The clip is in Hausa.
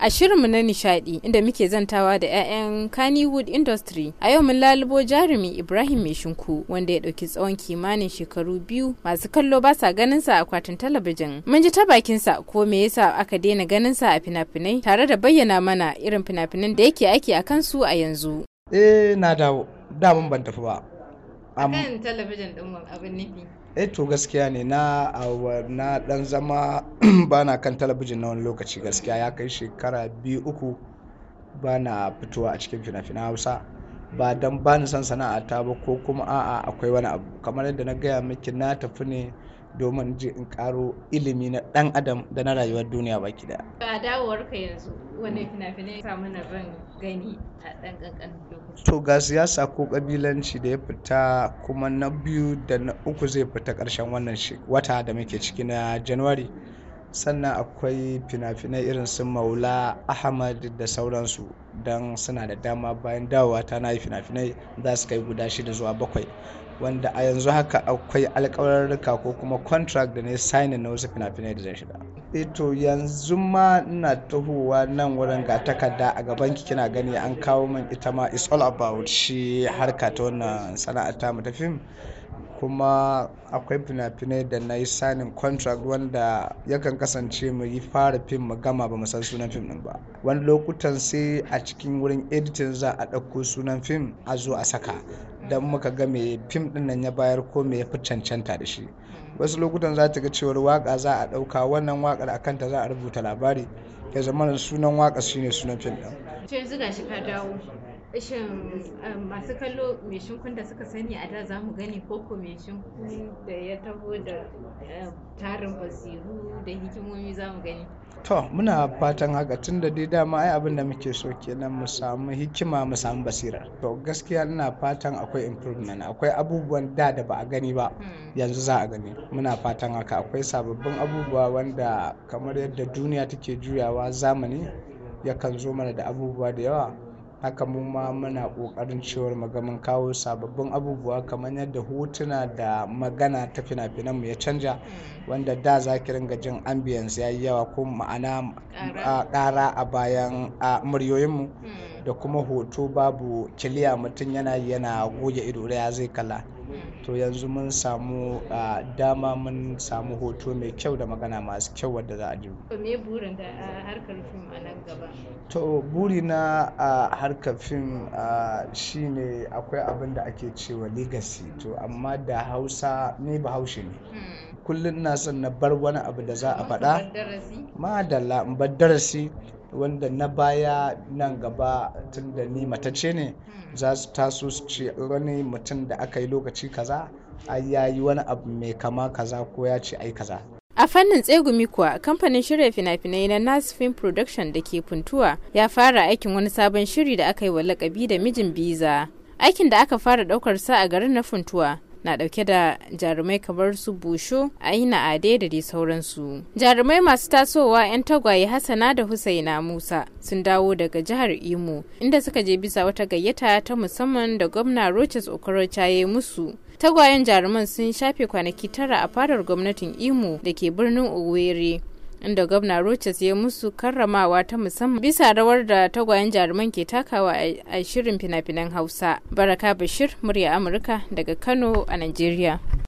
A shirinmu na nishadi inda muke zantawa da 'ya'yan Kannywood Industry, a yau mun lalubo jarumi Ibrahim Mai Shinku wanda ya ɗauki tsawon kimanin shekaru biyu masu kallo ba sa ganinsa a akwatin talabijin. Mun ji ta bakinsa ko me yasa aka daina ganinsa a fina-finai tare da bayyana mana irin fina-finan da yake aiki a kansu a yanzu. Eh na dawo, da ban tafi ba. kan talabijin din abin nufi eh to gaskiya ne na na dan zama bana kan talabijin na wani lokaci gaskiya ya kai shekara biyu uku bana fitowa a cikin fina-finan hausa ba don ba ni son sana'ata ba ko kuma a'a akwai wani abu kamar yadda na gaya miki na tafi ne domin ji in karo ilimi na dan adam da na rayuwar duniya baki daya. A dawowar ka yanzu wani fina-finai samu mana ran gani a dan kankan lokaci. To ga siyasa ko kabilanci da ya fita kuma na biyu da na uku zai fita karshen wannan wata da muke ciki na January. sannan akwai fina-finai irin su maula ahmad da sauransu don suna da dama bayan dawowa ta na yi fina-finai za su kai guda shida zuwa bakwai wanda a yanzu haka akwai alkawarurruka ko kuma contract da ne signing na wasu fina-finai da zai shiga ito eh yanzu ma ina tahowa nan wurin ga takarda a gaban ki kina gani an kawo min ita ma it's all about shi harka ta wannan sana'a ta mu ta fim kuma akwai fina-finai da na yi sanin contract wanda yakan kasance mu yi fara fim mu gama ba mu san sunan fim ɗin ba wani lokutan sai a cikin wurin editing za a ɗauko sunan fim a zo a saka don muka ga me fim ɗinnan nan ya bayar ko me ya fi cancanta da shi wasu lokutan za ta ga cewar waka za a ɗauka wannan wakar a kanta za a rubuta labari ya zama sunan waka shine sunan fim ɗin. ishin um, masu kallo mai shinkun da suka sani a da za mu gani koko mai shinkun da ya taho da um, tarin basiru da hikimomi za mu gani to muna fatan haka tun da dai dama ai abin da muke so kenan mu samu hikima mu samu basira to gaskiya ina fatan akwai improvement akwai abubuwan da da ba a gani ba hmm. yanzu za a gani muna fatan haka akwai sababbin abubuwa wanda kamar yadda duniya take juyawa zamani yakan zo mana da abubuwa da yawa haka mu ma muna ƙoƙarin cewar magamin kawo sababbin abubuwa kamar yadda hotuna da magana ta fina-finanmu ya canja mm. wanda da za ki ringa jin ambience ya yi yawa ko ma'ana ƙara a bayan muryoyinmu mm. da kuma hoto babu kiliya mutum yana yana goge ido ya zai kala to yanzu mun samu dama mun samu hoto mai kyau da magana masu kyau wadda za a ji me burin da harkar fim a nan gaba to buri na a harkar fim shine akwai abin da ake cewa legacy to amma da hausa ni ba haushe ne hmm. kullum na son na bar wani abu da za a faɗa ma da bar darasi wanda na baya nan gaba tun da ni matace ne hmm. za su taso su ce wani mutum da aka yi lokaci kaza ai ya yi wani abu mai kama kaza ko ya ce ai kaza a fannin tsegumi kuwa kamfanin shirya fina-finai na nas film production da ke puntuwa ya fara aikin wani sabon shiri da aka yi wa lakabi da mijin biza aikin da aka fara daukar sa a garin na funtuwa na dauke da jarumai kamar su busho aina ade da dai sauransu jarumai masu tasowa 'yan tagwaye hassana da husaina musa sun dawo daga jihar imo inda suka je bisa wata gayyata ta musamman da gwamna roches okorocha ya musu tagwayen jaruman sun shafe kwanaki tara a fadar gwamnatin imo da ke birnin owerri inda gwamna rochas ya musu karramawa ta musamman bisa rawar da tagwayen jaruman ke takawa a shirin fina-finan hausa baraka bashir murya amurka daga kano a nigeria